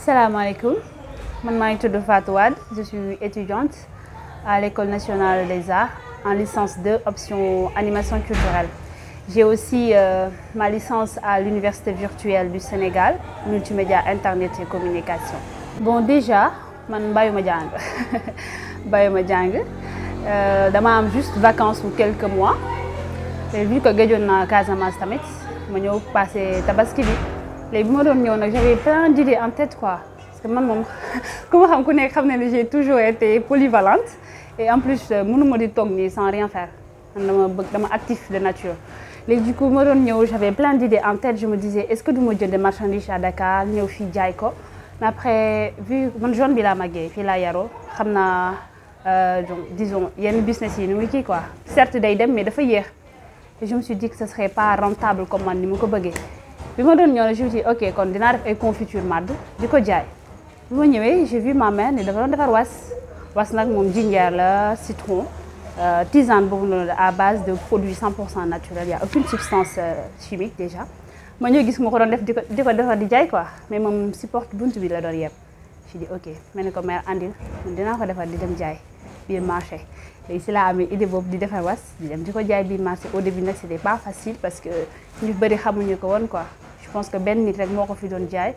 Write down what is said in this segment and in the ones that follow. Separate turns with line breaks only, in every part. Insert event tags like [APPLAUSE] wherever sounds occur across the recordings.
Salam alaikum. Mon nom est je suis étudiante à l'école nationale des arts en licence 2 option animation culturelle j'ai aussi euh, ma licence à l'université virtuelle du Sénégal multimédia internet et communication bon déjà man suis jàng [LAUGHS] bàyyuma jàng euh, dama am juste vacances ou quelques mois J'ai vu que géjoon casa Casamance tamit ma suis passé tabaski bi les bi j'avais plein d'idées en tête quoi parce que man moom [LAUGHS] ku ma j'ai toujours été polyvalente et en plus euh, mënuma di toog nii sans rien faire Je suis bëgg actif de nature léegi du coup ma j'avais plein d'idées en tête je me disais est-ce que du ma des marchandises à Dakar ñëw à Djaïko. Mais après vu que zone bi laa màggee fii laa yaroo xam naa euh, donc disons yenn business yi ni muy kii quoi certes day dem mais dafa yéex et je me suis dit que ce serait pas rentable comme je ni mu puis ma doon ñëw je dit ok kon dinaa def ay confiture madd di ko jaay bi ma j'ai vu ma mère ni dafa doon defar was was nag mon jinjeer la citron euh, tisane à base de produits 100 naturels il y a aucune substance euh, chimique déjà ma ñëw gis que mon doon def di ko di ko di jaay quoi mais mon support bon bi la doon yeb je dis ok ma ne ko mère andil dinaa ko defar di dem jaay bien marché et c'est là que bob de faire was. Au début, ce n'était pas facile parce que nous ne savions pas quoi. Je pense que Ben nit rek moko fi don jaay.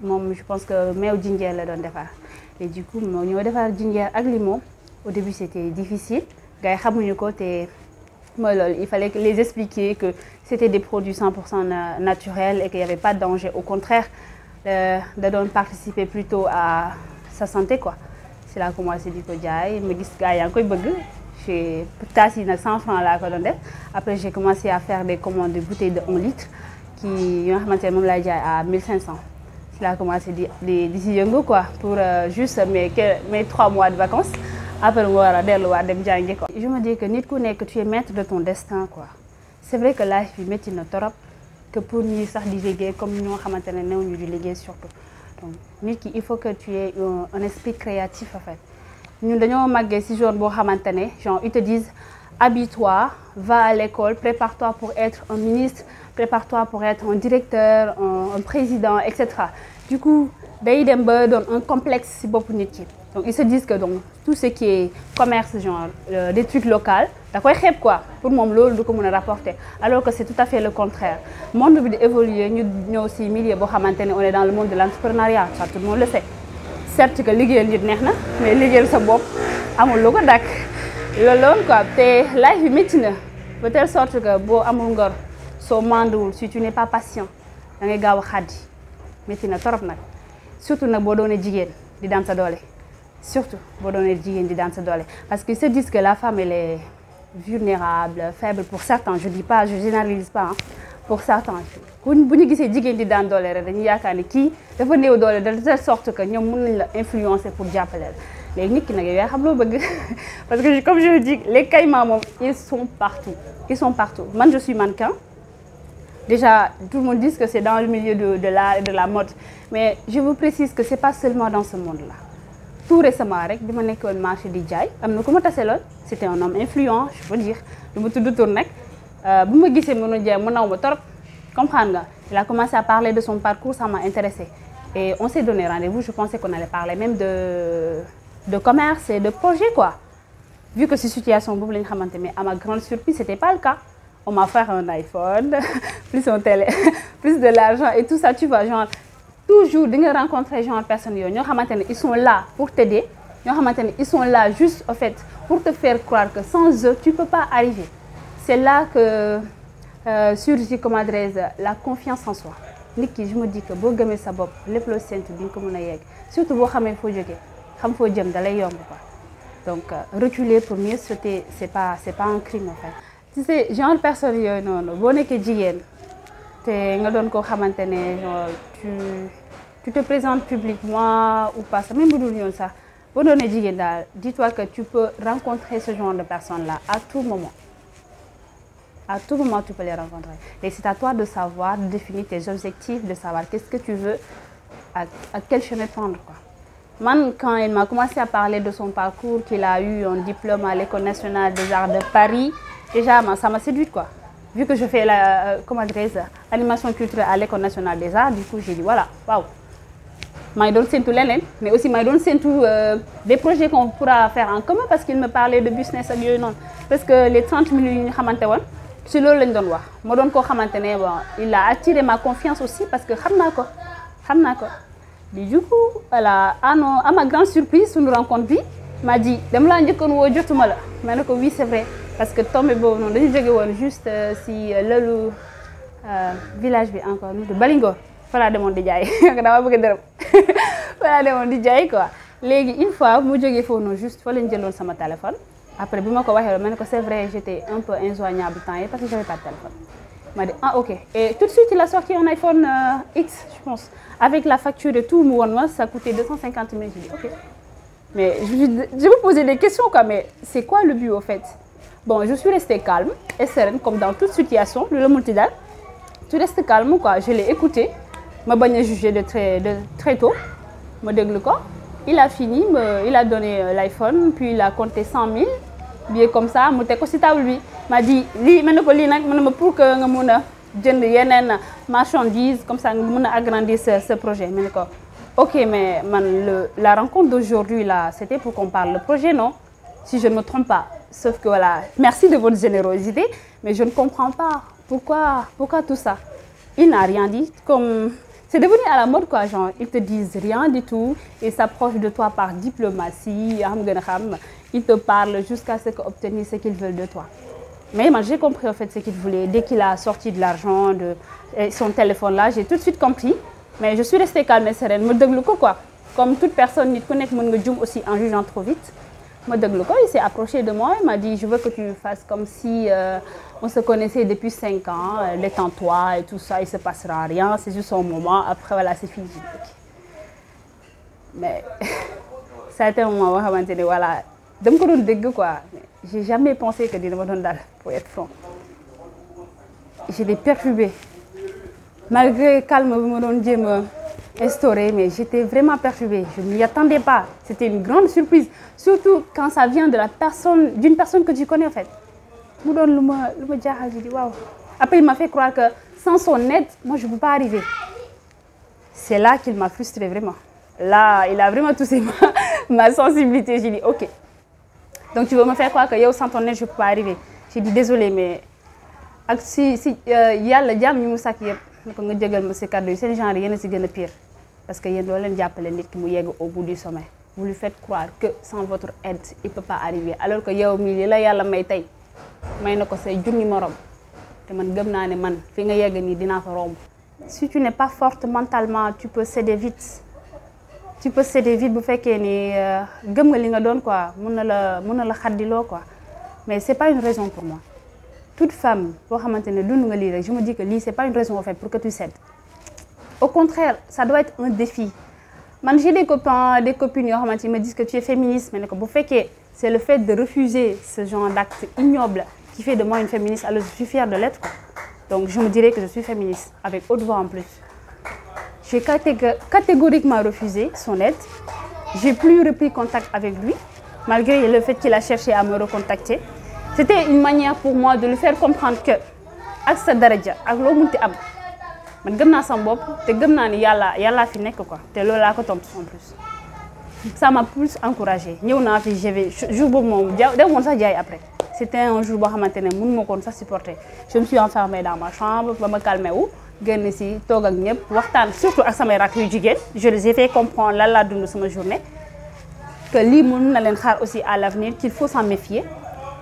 Mom je pense que mew ginger la don faire Et du coup, mo niveau de ginger ak Au début, c'était difficile. ko té il fallait les expliquer que c'était des produits 100% naturels et qu'il n'y avait pas de danger. Au contraire, euh, de participer plutôt à sa santé. quoi si laa commencé di ko jaay ma gis gars yaa ngi koy bëgg j'ai 100 francs laa ko doon def après j'ai commencé à faire des commandes de bouteilles de 1 litre qui yoo nga xamante ne moom à 1500 si commencé des di di quoi pour euh, juste mes mes trois mois de vacances après mu war a delluwaat dem jàngi quoi. je me dis que nit ku que tu es maître de ton destin quoi c'est vrai que life bi métti na torop que pour nous, sax di comme ñoo xamante ne néew ñu di liggéey surtout il faut que tu aies un, esprit créatif en fait nous dañoo si en genre ils te disent habille-toi va à l'école prépare-toi pour être un ministre prépare-toi pour être un directeur un, président etc. » du coup ils donne un complexe si pour équipe donc ils se disent que donc tout ce qui est commerce genre euh, des trucs locaux da koy quoi pour moom loolu du ko a rapporter alors que c'est tout à fait le contraire monde bi évoluer ñu ñëw si milieu on est dans le monde de l'entrepreneuriat, ça tout le monde le sait certes que liggéeyal nit neex na mais liggéeyal sa bopp amul lu dak, dàkk loolu quoi te life bi métti na de telle sorte que boo amul ngor soo si tu n'es pas patient da ngay gaaw a xaddi métti na torop nag surtout nag boo doonee jigéen di daan sa doole surtout boo donner jigéen di dans sa dolé parce qu'ils se disent que la femme elle est vulnérable faible pour certains je dis pas je généralise pas hein, pour certains Si bu ñu gisee jigéen di daan dolé rek dañuy qui ni dafa néew de telle sorte que ñoom mën influencer pour jàppale Mais Mais nit [LAUGHS] parce que comme je vous dis les caïmans ils sont partout ils sont partout Moi, je suis mannequin Déjà, tout le monde dit que c'est dans le milieu de, de l'art et de la mode. Mais je vous précise que ce n'est pas seulement dans ce monde-là tout récemment avec marché DJ, C'était un homme influent je veux dire le me suis tout il a commencé à parler de son parcours ça m'a intéressé et on s'est donné rendez-vous je pensais qu'on allait parler même de de commerce et de projet quoi vu que c'est situation à son mais à ma grande surprise n'était pas le cas on m'a offert un iPhone [LAUGHS] plus télé [LAUGHS] plus de l'argent et tout ça tu vois genre toujours rencontrer genre gens en personne. ils sont là pour t'aider ils sont là juste au fait pour te faire croire que sans eux tu peux pas arriver c'est là que euh, surgit comme adresse la confiance en soi Niki, je me dis que bon gamin sa bopp lépp loo séntu di nga a yegg surtout boo xamee foo jógee xam foo jëm dalay yomb quoi donc euh, reculer pour mieux sauter c'est pas c'est pas un crime en fait tu sais genre personne non, noonu boo nekkee jigéen ne nga doon koo xamante tu tu te présentes publiquement ou pas, ça même nous ça. Dis-toi que tu peux rencontrer ce genre de personnes-là à tout moment. À tout moment, tu peux les rencontrer. Et c'est à toi de savoir, de définir tes objectifs, de savoir qu'est-ce que tu veux, à, quel chemin prendre. Quoi. quand il m'a commencé à parler de son parcours, qu'il a eu un diplôme à l'École nationale des arts de Paris, déjà, ça m'a séduite, quoi. Vu que je fais la, euh, animation culturelle à l'École nationale des arts, du coup, j'ai dit, voilà, waouh, maa doon séntu leneen mais aussi maa ngi doon séntu euh, des projets qu'on pourra faire en commun parce qu'il me parlait de business à yooyu non parce que les 30 minutes yu ñu xamante woon si loolu lañ doon wax doon bon il a attiré ma confiance aussi parce que xam quoi ko xam ko du coup voilà à non à ma grande surprise nous rencontre m'a dit dama laa njëkkoon wo jotuma la mais ne ko oui c'est vrai parce que tombé boobu non dañu jóge won juste euh, si euh, loolu village bi encore nous de Balingor falaa demoon di jay [LAUGHS] dama bëgg dërëm la [LAUGHS] demoon di jay quoi léegi une fois mu jógee foofu juste fa lañ jëlone sama téléphone après bima ko que ko c'est vrai j'étais un peu injoignable parce que j'avais pas de téléphone m'a dit ah ok et tout de suite il a sorti un iPhone euh, X je pense avec la facture et tout mu woon ça coûtait 250 000 j'ai ok mais je je vous posais des questions quoi mais c'est quoi le but au fait bon je suis restée calme et sereine comme dans toute situation le la tu restes calme quoi je l'ai écouté je suis jugé de très de très tôt ma il a fini il a donné euh, l'iPhone puis il a compté cent mille billets comme ça il ma dit, Li, ne peux pas pour que comme ça agrandir ce projet ok mais la rencontre d'aujourd'hui c'était pour qu'on parle le projet non si je ne me trompe pas sauf que voilà merci de votre générosité mais je ne comprends pas pourquoi pourquoi tout ça il n'a rien dit comme c'est devenu à la mode quoi, genre, ils te disent rien du tout et s'approchent de toi par diplomatie, ils te parlent jusqu'à ce qu'obtenir ce qu'ils veulent de toi. Mais moi, j'ai compris en fait ce qu'ils voulaient, Dès qu'il a sorti de l'argent, de son téléphone là, j'ai tout de suite compris. Mais je suis restée calme et sereine. Je quoi. Comme toute personne, qui connaît mon aussi en jugeant trop vite. Je il s'est approché de moi il m'a dit Je veux que tu fasses comme si. Euh, on se connaissait depuis 5 ans, est les toi et tout ça, il ne se passera rien, c'est juste son moment, après voilà, c'est fini. Mais [LAUGHS] ça a été un moment où voilà, je me suis quoi. J'ai jamais pensé que Dino Dal, pour être franc. Je l'ai Malgré le calme que je me instauré, mais j'étais vraiment perturbée. Je ne m'y attendais pas. C'était une grande surprise. Surtout quand ça vient d'une personne, personne que tu connais en fait. Je après il m'a fait croire que sans son aide moi je ne peux pas arriver c'est là qu'il m'a frustrée vraiment là il a vraiment touché ma, [LAUGHS] ma sensibilité j'ai dit ok donc tu veux me faire croire que sans ton aide je ne peux pas arriver j'ai dit désolé mais si si y il ñu mu sàkk yëpp ne ko nga jégal ma si kàddu yi seen genre y a si a pire parce que y a leen jàppale nit ki mu yegg au bout du sommet vous lui faites croire que sans votre aide il peut pas arriver alors que yow milieu li y a may tey may na ko say junni morom te man gëm man fi nga yegg ni dina fa romb. si tu n'es pas forte mentalement tu peux céder vite tu peux céder vite bu que ni euh, gëm nga li nga doon quoi mën la mën la xaddiloo quoi mais c'est pas une raison pour moi toute femme bo xamantene dund nga rek je me dis que li c'est pas une raison en fait pour que tu cèdes au contraire ça doit être un défi man j'ai des copains des copines yo me disent que tu es féministe mais ne ko bu fekkee. C'est le fait de refuser ce genre d'acte ignoble qui fait de moi une féministe. Alors je suis fière de l'être. Donc je me dirais que je suis féministe, avec haute voix en plus. J'ai catégoriquement refusé son aide. J'ai plus repris contact avec lui, malgré le fait qu'il a cherché à me recontacter. C'était une manière pour moi de lui faire comprendre que, plus ça m'a plus encouragé ñëw naa fi j'avais jour boobu moom ja dem woon après c'était un jour boo xamante ne mun ne ça supporter je me suis enfermée dans ma chambre pour me calmer wu génn si ak surtout ak ma rakk yu jigéen je les ai fait comprendre là de dund sama journée que lii mun na xaar aussi à l'avenir qu'il faut s'en méfier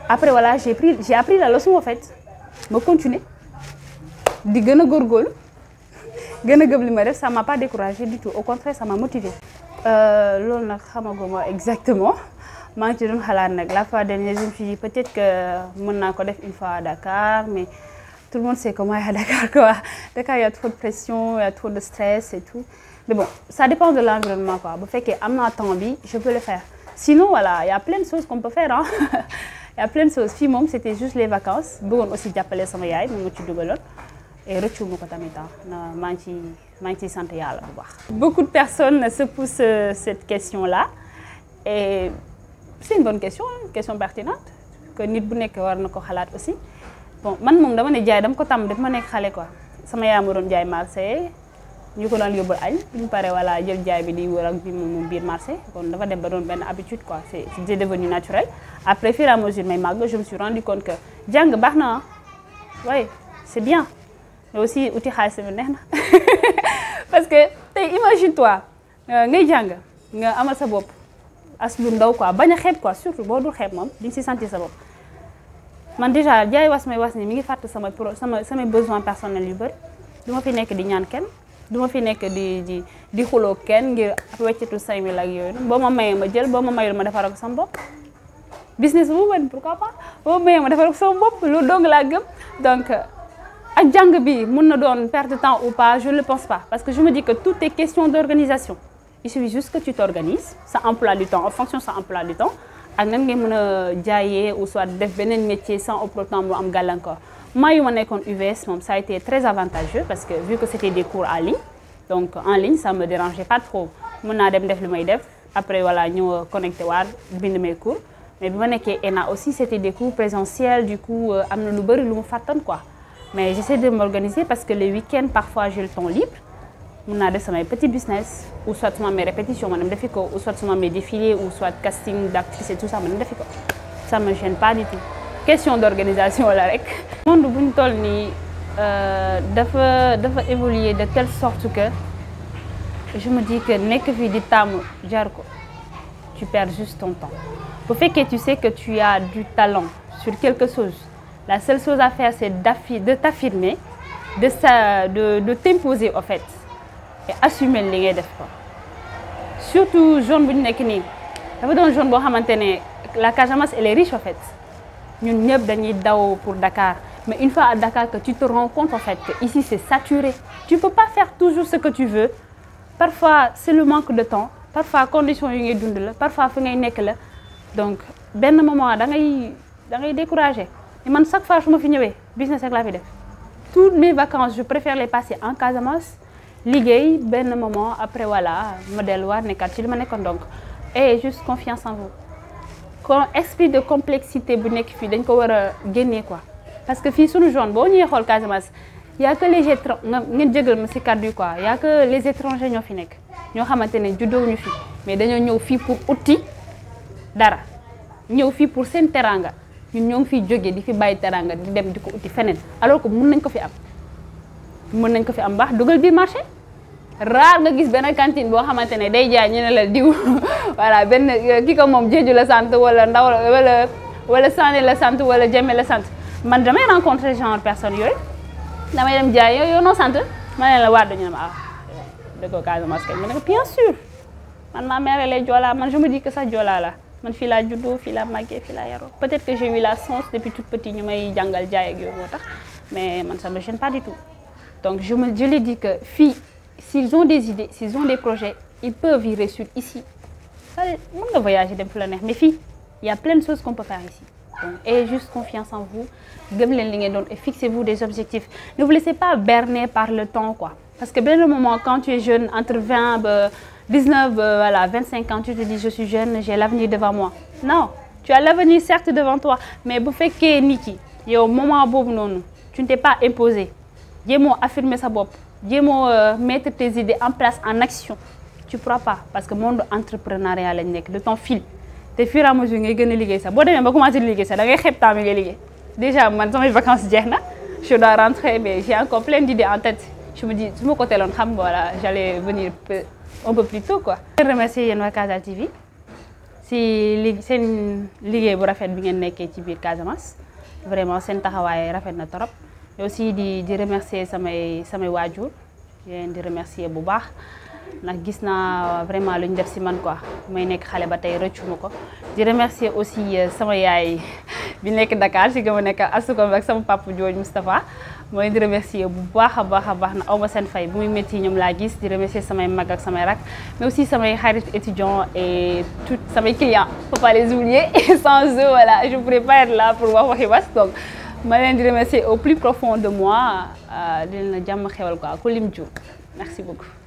après voilà j'ai pris j'ai appris la leçon en fait ma continuer di gën a góorgóorlu [LAUGHS] gën ma ça m'a pas découragé du tout au contraire ça m'a motivé ne sais pas exactement Je ngi la fois dernière je me suis dit peut-être que je naa le une fois à Dakar mais tout le monde sait comment il à Dakar quoi. Dakar il y a trop de pression il y a trop de stress et tout mais bon ça dépend de l'environnement quoi bu que am temps je peux le faire sinon voilà il y a plein de choses qu'on peut faire hein. [LAUGHS] il y a plein de choses mon c'était juste les vacances bon aussi jàppale sa yaay moom à ci et rëccuwuma ko tamit ah maa ngi ciy maa ngi ciy sant yàlla bu baax. beaucoup de personnes se posent euh, cette question là et c'est une bonne question hein, question pertinente que nit bu nekk war na ko xalaat aussi bon man moom dama ne jaay dama ko tam dafa ma nekk xale quoi sama yaay ma doon jaay marché ñu ko daan yóbbul añ bu ñu paree voilà jël jaay bi di wër ak bi moom biir marché kon dafa dem ba doon benn habitude quoi c'est c'est devenu naturel après fur et à mesure may màgg je me suis rendu compte que jàng baax na ah oui c'est bien. aussi outil xaalisam neex nekhna parce que tay imagine toi euh, ngay jang nga amal sa bop as lu ndaw quoi baña a quoi surtout bo dul xeb mom di ci sentir sa bop man déjà jay was may was ni mi ngi fatte sama sama sama besoin personnel yu beur duma fi nek di ñaan kenn duma fi nek di di di xulo kenn ngir say mi lak yoy bo ma maye ma jël bo ma mayul ma defaral ko sama bop business bu wën pourquoi pas bo maye ma defaral ko sama bop lu dong la gëm donc ak jàng bi mën perte de temps ou pas je ne le pense pas parce que je me dis que tout est question d'organisation il suffit juste que tu t'organises ça emploie du temps en fonction ça emploie du temps ak nan ngay mën ou soit def métier sans pour temps, mu am moi je suis UVS ça a été très avantageux parce que vu que c'était des cours en ligne donc en ligne ça me dérangeait pas trop Je suis dem def li def après voilà ñëw euh, connecté waat bind mes cours mais je suis ENA aussi c'était des cours présentiels du coup euh, am na lu bëri lu mu quoi mais j'essaie de m'organiser parce que les week-ends parfois j'ai le temps libre on naa faire mes petit business ou soit mes répétitions ou soit mes défilés ou soit casting d'actrices et tout ça Ça ne ça me gêne pas du tout question d'organisation là, rek monde bu doit doit évoluer de telle sorte que je me dis que n'est que di tam, tu perds juste ton temps fait que tu sais que tu as du talent sur quelque chose la seule chose à faire, c'est de t'affirmer, de, t'imposer en fait, et assumer les que tu surtout jeune la kajamas elle est riche en fait nous ñëpp pour Dakar mais une fois à Dakar que tu te rends compte en fait que ici c'est saturé tu ne peux pas faire toujours ce que tu veux parfois c'est le manque de temps parfois condition conditions, sont dund parfois il y a donc ben moment da découragé et chaque fois que je suis venu, business avec la vie. Toutes mes vacances, je préfère les passer en Casamance, liguer, ben moment, après voilà, modèle war, nekatchil, manekon donc. Et juste confiance en vous. Quand esprit de complexité, bunek, fi, d'un ko wara gagner quoi. Parce que fi, nous le jaune, bon, on y Casamance. Il y a que les étrangers, quoi. Il y a que les étrangers qui sont ñoo xamante ne juddoo ñu fi mais dañoo ñëw fii pour outil dara ñëw fii pour seen ñun ñoo ngi fiy jógee di fi bàyyi teranga di dem di ko uti feneen alors que mun nañ ko fi am mun nañ ko fi am baax dugal biir marché raar nga gis benn cantine boo xamante ne day jaay ñun ne la diw [LAUGHS] voilà benn euh, ki ko moom jeeju la sant wala ndaw wala wala Sané la sant wala Jeme la sant man damay rencontré genre personne yooyu damay dem jaay yooyu yow noo sant ma ne la waat ñu ne ma ah dëggoo Casamance ma ne na bien sûr man ma mère lay joolaa man je me dis sax joolaa la man peut-être que j'ai eu la chance depuis toute petite mais man ça me gêne pas du tout donc je me lui dis que filles, s'ils ont des idées s'ils ont des projets ils peuvent y réussir ici ça peut voyager dem mais filles il y a plein de choses qu'on peut faire ici donc ayez juste confiance en vous et fixez-vous des objectifs ne vous laissez pas berner par le temps quoi parce que bien le moment, quand tu es jeune, entre 20, 19, euh, euh, voilà, 25 ans, tu te dis je suis jeune, j'ai l'avenir devant moi. Non, tu as l'avenir certes devant toi, mais vous faites que Niki, au moment où tu ne t'es pas imposé. tu moi affirmé sa bob. Euh, mettre tes idées en place, en action. Tu ne pourras pas, parce que le monde entrepreneurial est de ton fil. es fur et à mesure, tu Si tu à tu Déjà, maintenant, mes vacances, je dois rentrer, mais j'ai encore plein d'idées en tête je me dis, je me comptais voilà, j'allais venir un peu plus tôt. Quoi. Je remercie Yenwa Casal TV. C'est une ligue qui a fait de Casamance. Vraiment, c'est un travail qui a fait Et aussi, de remercier mes Wadjour. Je remercier Boubar. ndax gis naa vraiment lu ñu def si man quoi may nekk xale ba tey rëccu ma di remercier aussi euh, Samay yaay bi nekk Dakar ci gëm a nekk asukam ak sama papa Jooj Moustapha moy di remercier bu baax a baax na awma sen fay bu muy metti ñoom la gis di remercier samay mag ak samay rak mais aussi samay xarit étudiants et tout samay clients faut pas les oublier [LAUGHS] sans eux voilà je pourrais pas être là pour wax waxi was donc ma len di remercier au plus profond de moi euh, di len la jàmm xewal quoi ko lim ju merci beaucoup